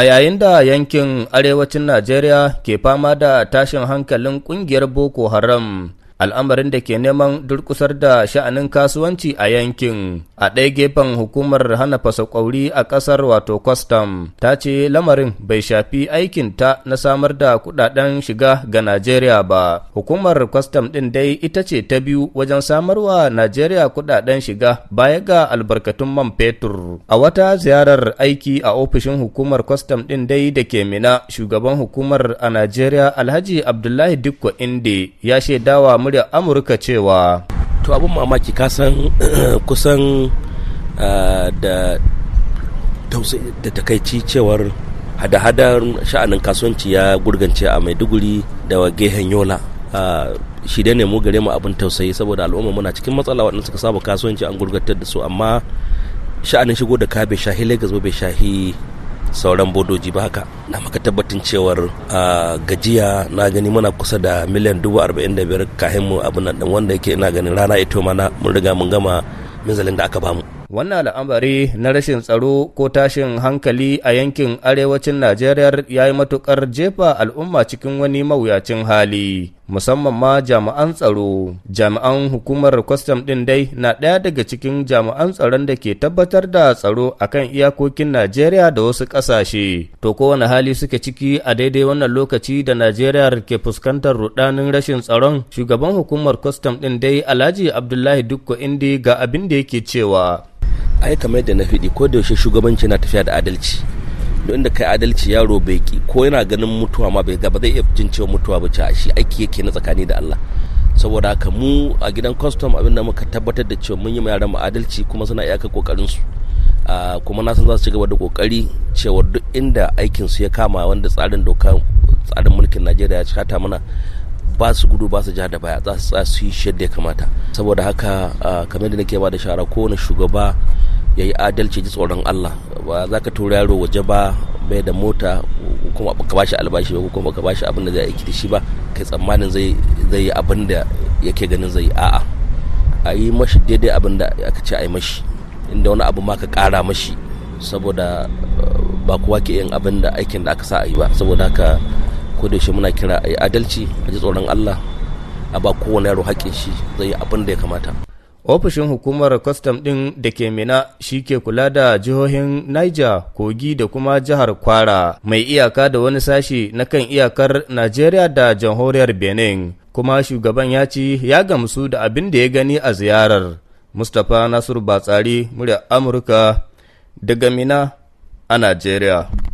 A yayin da yankin arewacin Najeriya ke fama da tashin hankalin ƙungiyar Boko Haram al'amarin da ke neman durkusar da sha'anin kasuwanci a yankin a ɗaya gefen hukumar hana fasa ƙwauri a ƙasar wato kwastam ta ce lamarin bai shafi aikin ta na samar da kudaden shiga ga najeriya ba hukumar kwastam ɗin dai ita ce ta biyu wajen samarwa najeriya kudaden shiga baya ga albarkatun man fetur a wata ziyarar aiki a ofishin hukumar kwastam ɗin dai da ke mina shugaban hukumar a najeriya alhaji abdullahi dikko inde ya shaidawa muryar amurka cewa to abin mamaki kasan kusan ah, da da takaici cewar hada-hadar sha'anin kasuwanci ya gurgance a maiduguri da gehen yola ah, shi ne mu gare mu abin tausayi saboda al'umma muna cikin matsala waɗanda suka saba kasuwanci an gurgatar da su amma sha'anin shigo da ka bai shahi lagos bai shahi sauran bodoji ba haka na maka tabbatin cewar a gajiya na gani muna kusa da miliyan dubu arba'in da biyar kahin mu abin nan wanda yake ina ganin rana ito mana mun riga mun gama minzalin da aka bamu wannan al'amari na rashin tsaro ko tashin hankali a yankin arewacin najeriya ya yi matukar jefa al'umma cikin wani mawuyacin hali musamman ma jami'an tsaro jami'an hukumar kwastam ɗin dai na ɗaya daga cikin jami'an tsaron da ke tabbatar da tsaro akan iyakokin najeriya da wasu ƙasashe to kowane hali suke ciki a daidai wannan lokaci da najeriya ke fuskantar rudanin rashin tsaron shugaban hukumar kwastam ɗin dai alhaji abdullahi dukko indi ga abin da yake cewa ai kamar da na fiɗi ko da yaushe shugabanci na tafiya da adalci don da kai adalci yaro bai ki ko yana ganin mutuwa ma bai ga ba zai iya jin cewa mutuwa ba ce shi aiki yake na tsakani da Allah saboda haka mu a gidan custom abin da muka tabbatar da cewa mun yi yaran mu adalci kuma suna iyaka kokarin su kuma na san za su ci gaba da kokari cewa duk inda aikin su ya kama wanda tsarin doka tsarin mulkin Najeriya ya cika mana ba su gudu ba su ja da baya za su yi yi yadda ya kamata saboda haka kamar da nake ba da shara kowane shugaba ya yi adalci ji tsoron Allah ba za ka tura yaro waje ba bai da mota kuma ka bashi albashi ba kuma ka bashi abin da zai aiki da shi ba kai tsammanin zai yi abin da yake ganin zai a'a a yi mashi daidai abin da aka ce a yi mashi inda wani abu ma ka kara mashi saboda eh, ba kowa ke yin abin da aikin da aka sa a yi ba saboda haka ko da shi muna kira a yi adalci a ji tsoron Allah a ba kowane yaro haƙƙin shi zai yi abin da ya kamata Ofishin hukumar kwastam ɗin da ke Mina shi ke kula da jihohin Niger, Kogi da kuma jihar Kwara, mai iyaka da wani sashi na kan iyakar Najeriya da jamhuriyar Benin, kuma shugaban ya ci ya gamsu da abin da ya gani a ziyarar. Mustapha Nasiru Batsari, murya Amurka, daga Mina a Najeriya.